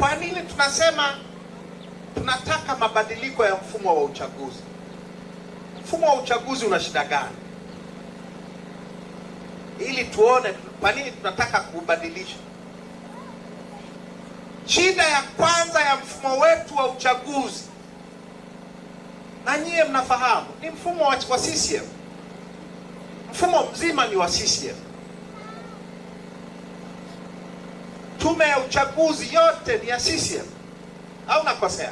Kwa nini tunasema tunataka mabadiliko ya mfumo wa uchaguzi? Mfumo wa uchaguzi una shida gani? Ili tuone kwa nini tunataka kuubadilisha. Shida ya kwanza ya mfumo wetu wa uchaguzi, na nyie mnafahamu, ni mfumo wa CCM. Mfumo mzima ni wa CCM. tume ya uchaguzi yote ni ya CCM au nakosea?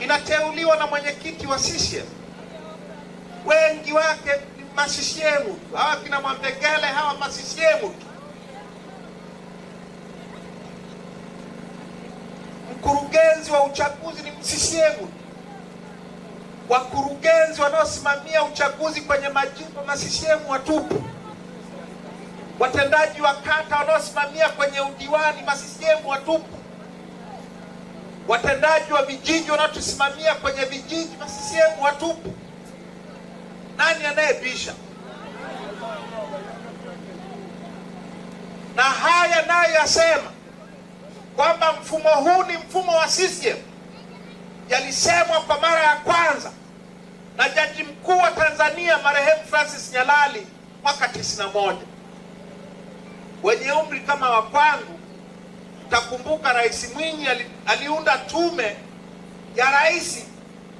Inateuliwa na mwenyekiti wa CCM, wengi wake ni masisiemu hawa, kina Mwambegele hawa masisiemu. Mkurugenzi wa uchaguzi ni msisiemu, wakurugenzi wanaosimamia uchaguzi kwenye na CCM watupu watendaji wa kata wanaosimamia kwenye udiwani masisiemu watupu, watendaji wa vijiji wanaotusimamia kwenye vijiji masisiemu watupu. Nani anayebisha? Na haya nayo yasema kwamba mfumo huu ni mfumo wa CCM yalisemwa kwa mara ya kwanza na jaji mkuu wa Tanzania marehemu Francis Nyalali mwaka 91 wenye umri kama wa kwangu, takumbuka Rais Mwinyi aliunda tume ya rais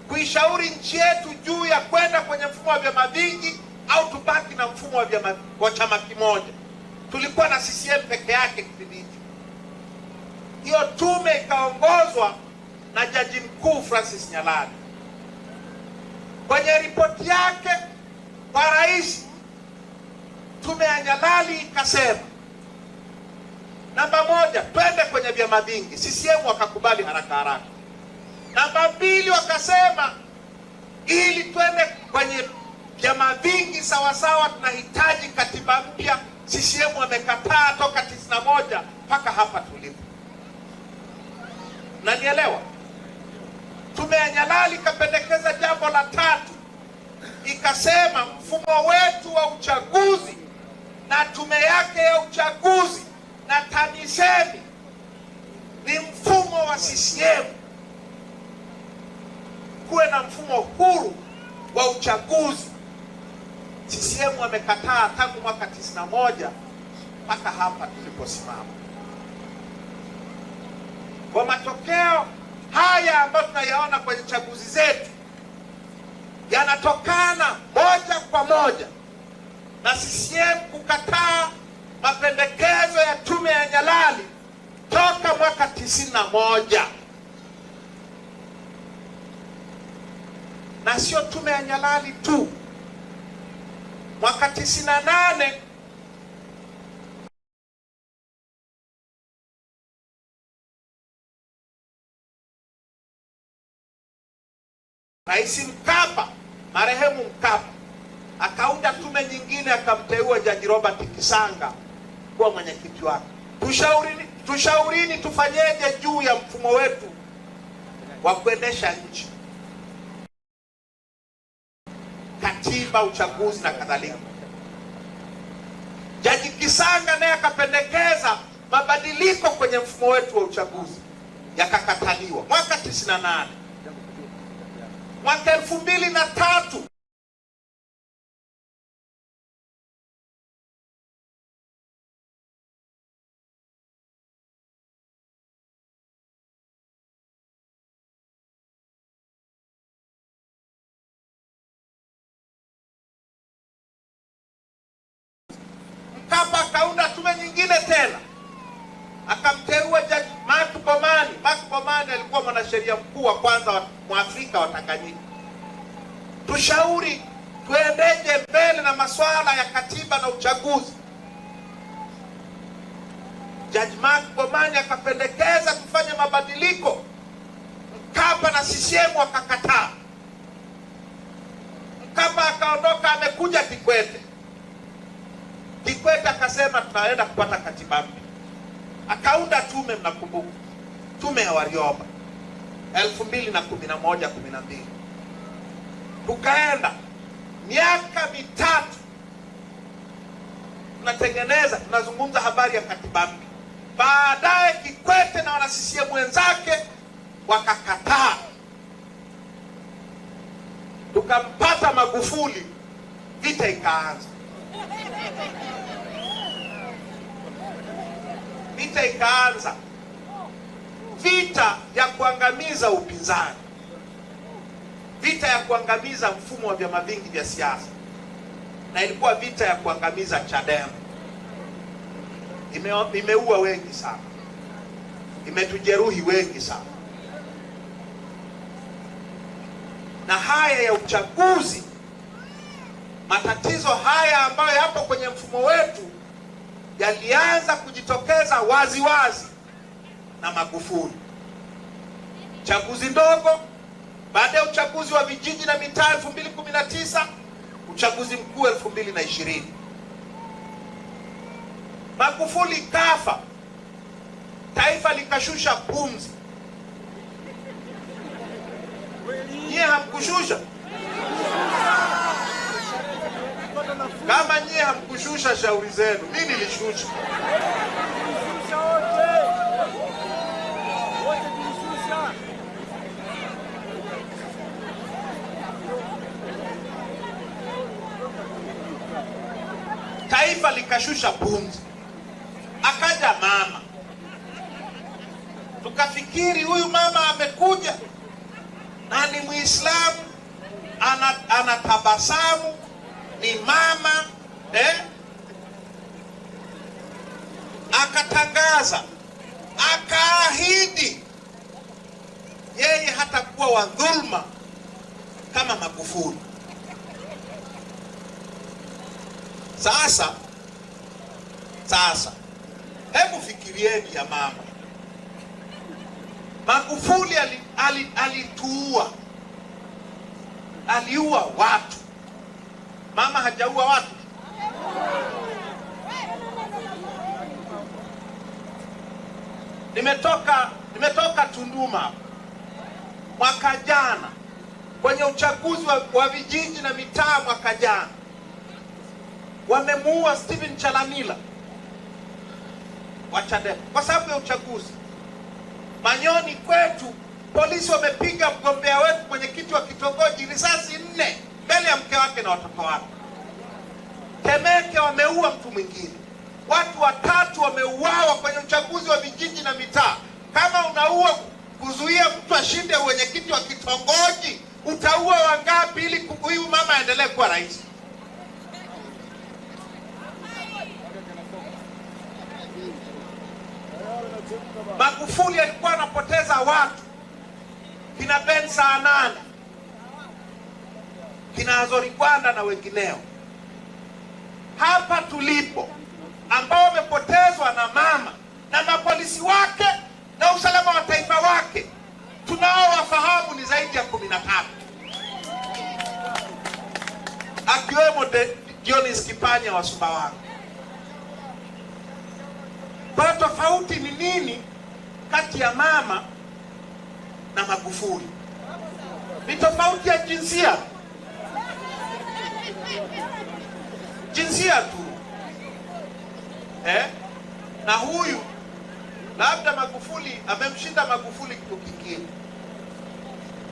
kuishauri nchi yetu juu ya kwenda kwenye mfumo wa vyama vingi au tubaki na mfumo wa vyama wa chama kimoja. Tulikuwa na CCM peke yake kipindi hicho. Hiyo tume ikaongozwa na Jaji Mkuu Francis Nyalali. Kwenye ripoti yake kwa rais, tume ya Nyalali ikasema Namba moja, twende kwenye vyama vingi. CCM wakakubali haraka haraka. Namba mbili, wakasema ili twende kwenye vyama vingi sawasawa, tunahitaji katiba mpya. CCM wamekataa toka tisini na moja mpaka hapa tulipo, nanielewa Tume ya Nyalali ikapendekeza jambo la tatu, ikasema mfumo wetu wa uchaguzi na tume yake ya uchaguzi na TAMISEMI ni mfumo wa CCM. Kuwe na mfumo huru wa uchaguzi. CCM wamekataa tangu mwaka 91 mpaka hapa tuliposimama. Kwa matokeo haya ambayo tunayaona kwenye chaguzi zetu yanatokana moja kwa moja na CCM kukataa mapendekezo ya tume ya Nyalali toka mwaka tisini na moja na sio tume ya Nyalali tu. Mwaka tisini na nane Rais Mkapa, marehemu Mkapa akaunda tume nyingine, akamteua Jaji Robert Kisanga kuwa mwenyekiti wake. Tushaurini, tushaurini tufanyeje juu ya mfumo wetu wa kuendesha nchi, katiba, uchaguzi na kadhalika. Jaji Kisanga naye akapendekeza mabadiliko kwenye mfumo wetu wa uchaguzi yakakataliwa mwaka 98 mwaka elfu mbili na tatu mwanasheria mkuu wa kwanza mwafrika wa Tanganyika. Tushauri tuendeje mbele na masuala ya katiba na uchaguzi. Jaji Mark Bomani akapendekeza tufanye mabadiliko, Mkapa na CCM wakakataa. Mkapa akaondoka, amekuja Kikwete. Kikwete akasema tunaenda kupata katiba mpya, akaunda tume, mnakumbuka, tume ya Warioba elfu mbili na kumi na moja kumi na mbili tukaenda miaka mitatu tunatengeneza, tunazungumza habari ya katiba mpya. Baadaye Kikwete na wanasisiemu wenzake wakakataa, tukampata Magufuli, vita ikaanza. Vita ikaanza vita ya kuangamiza upinzani, vita ya kuangamiza mfumo wa vyama vingi vya, siasa, na ilikuwa vita ya kuangamiza Chadema. Ime, imeua wengi sana, imetujeruhi wengi sana, na haya ya uchaguzi, matatizo haya ambayo yapo kwenye mfumo wetu yalianza kujitokeza waziwazi wazi na Magufuli. Chaguzi ndogo baada ya uchaguzi wa vijiji na mitaa 2019, uchaguzi mkuu 2020. Magufuli kafa, taifa likashusha pumzi. Nyie hamkushusha kama nyie hamkushusha, shauri zenu. Mimi nilishusha. taifa likashusha pumzi, akaja mama, tukafikiri huyu mama amekuja na ni Muislamu, anatabasamu, ni mama eh? Akatangaza, akaahidi yeye hatakuwa wa dhulma kama Magufuli. Sasa sasa hebu fikirieni ya mama Magufuli alituua ali, ali aliua watu. Mama hajaua watu. Nimetoka nimetoka Tunduma mwaka jana kwenye uchaguzi wa, wa vijiji na mitaa mwaka jana wamemuua Stephen Chalamila wa Chadema kwa sababu ya uchaguzi. Manyoni kwetu polisi wamepiga mgombea wetu mwenyekiti wa kitongoji risasi nne mbele ya mke wake na watoto wake. Temeke wameua mtu mwingine, watu watatu wameuawa kwenye uchaguzi wa vijiji na mitaa. Kama unaua kuzuia mtu ashinde mwenyekiti wa kitongoji, utaua wangapi ili huyu mama aendelee kuwa rais? Magufuli alikuwa anapoteza watu kina Ben Saanane, kina Azori Gwanda na wengineo. Hapa tulipo ambao wamepotezwa na mama na mapolisi wake na usalama wa taifa wake tunaowafahamu ni zaidi ya kumi na tatu akiwemo Dionis Kipanya wa Sumbawanga. Kwa tofauti ni nini kati ya mama na Magufuli ni tofauti ya jinsia, jinsia tu eh? na huyu labda Magufuli amemshinda Magufuli kitu kingine,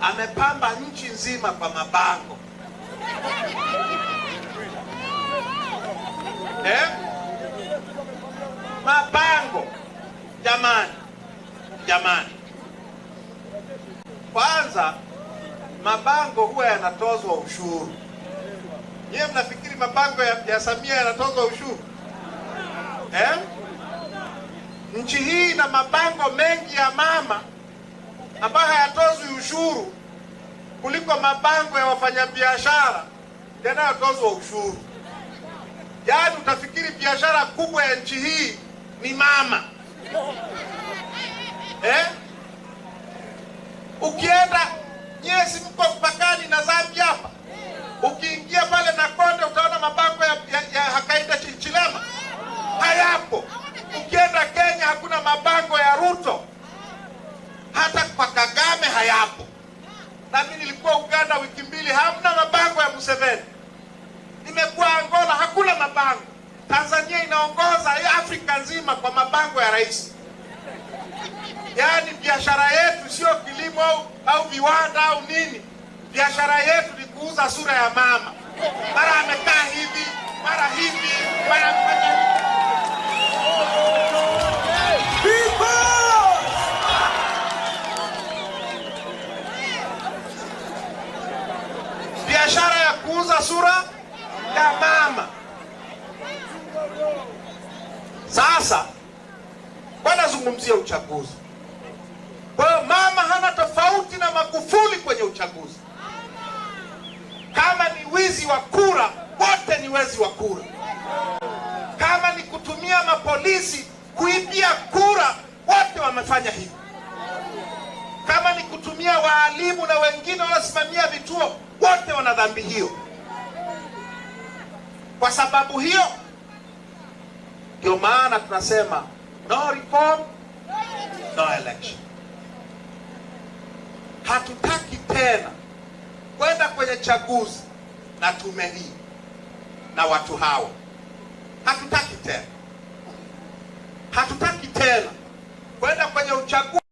amepamba nchi nzima kwa mabango eh? mabango jamani Jamani, kwanza mabango huwa yanatozwa ushuru. Yeye mnafikiri mabango ya, ya Samia yanatozwa ushuru eh? Nchi hii ina mabango mengi ya mama ambayo hayatozwi ushuru kuliko mabango ya wafanyabiashara yanayotozwa ushuru. Yaani utafikiri biashara kubwa ya nchi hii ni mama eh? Ukienda nyesi, mko mpakani na Zambia hapa, ukiingia pale na konde utaona mabango ya, ya, ya Hakainde Hichilema hayapo. Ukienda Kenya hakuna mabango ya Ruto, hata kwa Kagame hayapo. Na mimi nilikuwa Uganda wiki mbili, hamna mabango ya Museveni. Nimekuwa Angola, hakuna mabango. Tanzania inaongoza Afrika nzima kwa mabango ya rais. au viwanda au nini. Biashara yetu ni kuuza sura ya mama, mara amekaa hivi, mara hivi, mara biashara ya kuuza sura ya mama. Sasa wanazungumzia uchaguzi, kwa hiyo mama hana na Magufuli kwenye uchaguzi. Kama ni wizi wa kura, wote ni wezi wa kura. Kama ni kutumia mapolisi kuibia kura, wote wamefanya hivyo. Kama ni kutumia waalimu na wengine wanasimamia vituo, wote wana dhambi hiyo. Kwa sababu hiyo ndio maana tunasema no reform, no election. Hatutaki tena kwenda kwenye chaguzi na tume hii na watu hawa, hatutaki tena, hatutaki tena kwenda kwenye uchaguzi.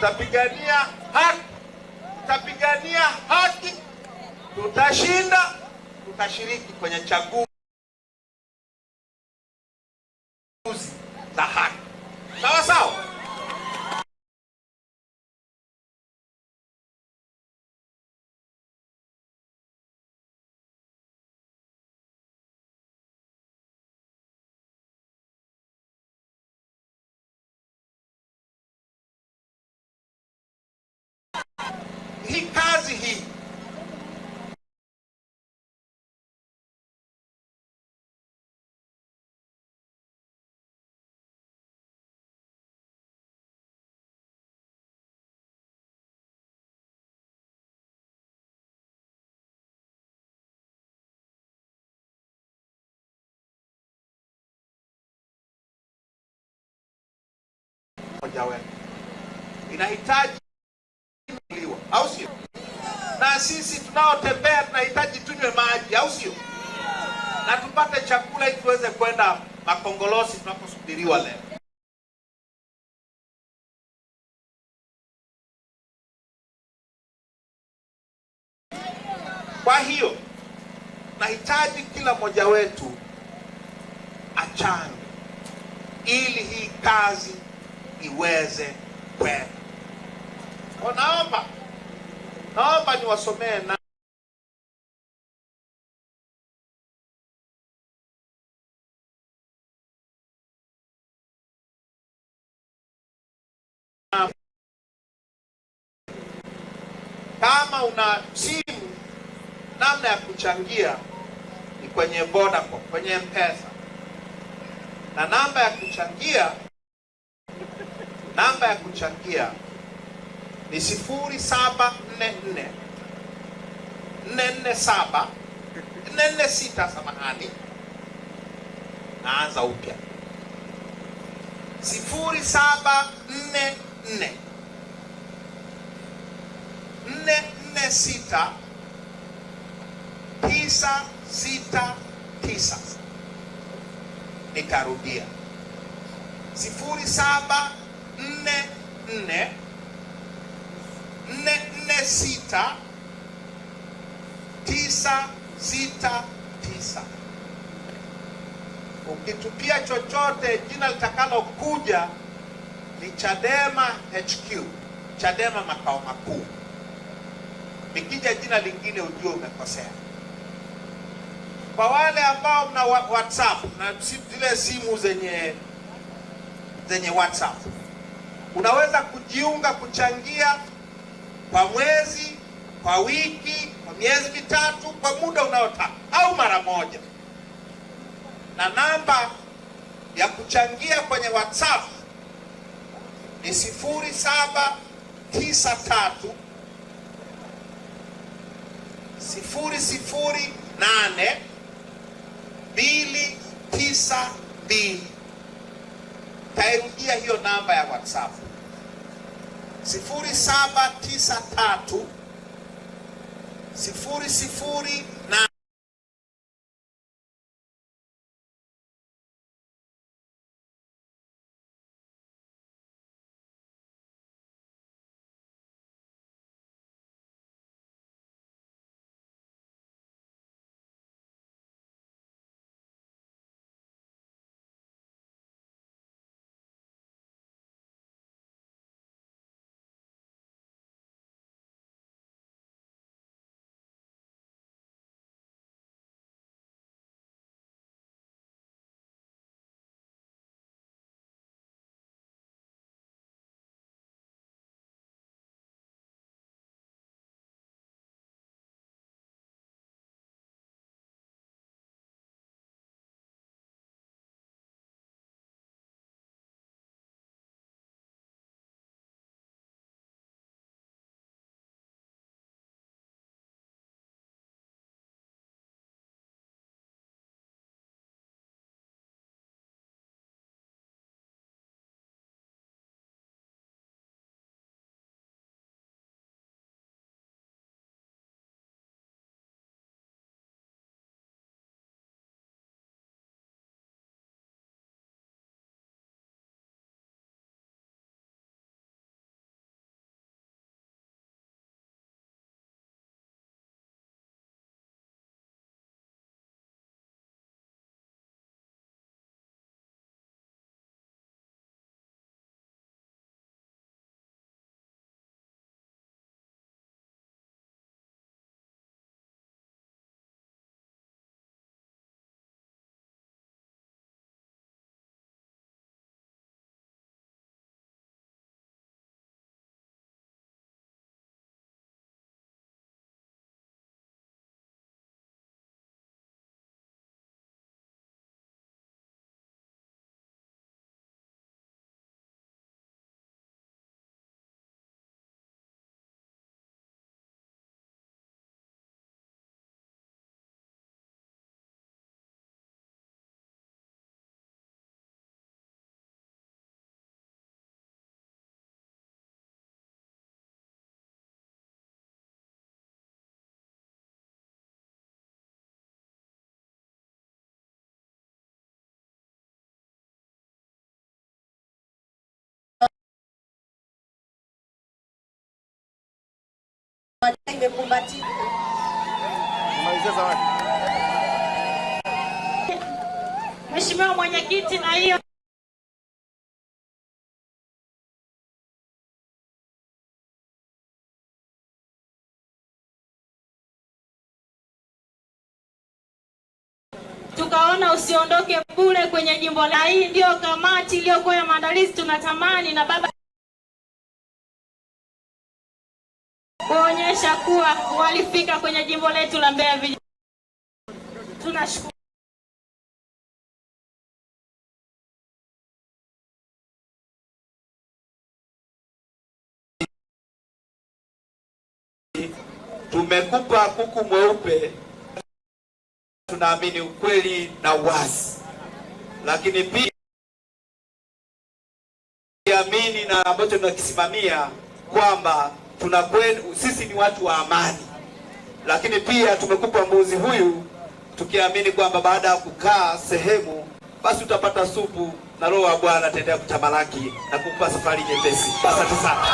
tutapigania haki, tutapigania haki, tutashinda, tutashiriki kwenye chaguzi. mmoja wenu inahitaji liwa, au sio? Na sisi tunaotembea tunahitaji tunywe maji, au sio? Na tupate chakula ili tuweze kwenda makongolosi tunaposubiriwa leo. Kwa hiyo nahitaji kila mmoja wetu achange ili hii kazi iweze kwenda. Kwa naomba naomba niwasomee na kama una simu, namna ya kuchangia ni kwenye Vodacom, kwenye mpesa na namba ya kuchangia namba ya kuchangia ni 0744 447 446, samahani, naanza upya 0744 969. Nikarudia 07 nne nne nne nne sita tisa sita tisa. Ukitupia chochote jina litakalokuja ni Chadema HQ, Chadema makao makuu. Nikija jina lingine ujue umekosea. Kwa wale ambao mna WhatsApp na zile simu zenye zenye WhatsApp Unaweza kujiunga kuchangia kwa mwezi, kwa wiki, kwa miezi mitatu, kwa muda unaotaka au mara moja, na namba ya kuchangia kwenye WhatsApp ni sifuri saba tisa tatu sifuri sifuri nane mbili tisa mbili. Tairudia hiyo namba ya WhatsApp sifuri saba tisa tatu sifuri sifuri imekumbatia Mheshimiwa Mwenyekiti, na hiyo tukaona usiondoke bure kwenye jimbo la hii. ndio kamati iliyokuwa ya maandalizi, tunatamani na baba kuonyesha kuwa walifika kwenye jimbo letu la Mbeya Vijijini. Tunashukuru. Tumekupa kuku mweupe, tunaamini ukweli na uwazi, lakini pia tunaamini na ambacho tunakisimamia kwamba tunakwenda, sisi ni watu wa amani, lakini pia tumekupa mbuzi huyu tukiamini kwamba baada ya kukaa sehemu basi utapata supu na Roho ya Bwana ataendelea kutamalaki na kukupa safari nyepesi. Asante sana.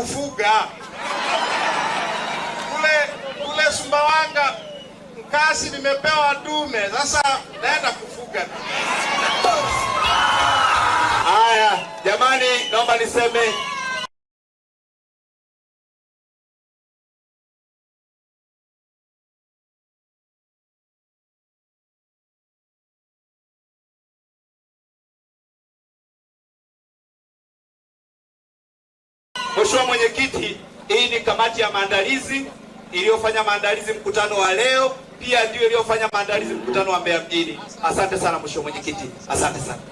kufuga kule kule Sumbawanga. Mkasi nimepewa dume, sasa naenda kufuga. Haya jamani, naomba niseme Mheshimiwa Mwenyekiti, hii ni kamati ya maandalizi iliyofanya maandalizi mkutano wa leo, pia ndio iliyofanya maandalizi mkutano wa Mbeya mjini. Asante sana Mheshimiwa Mwenyekiti, asante sana.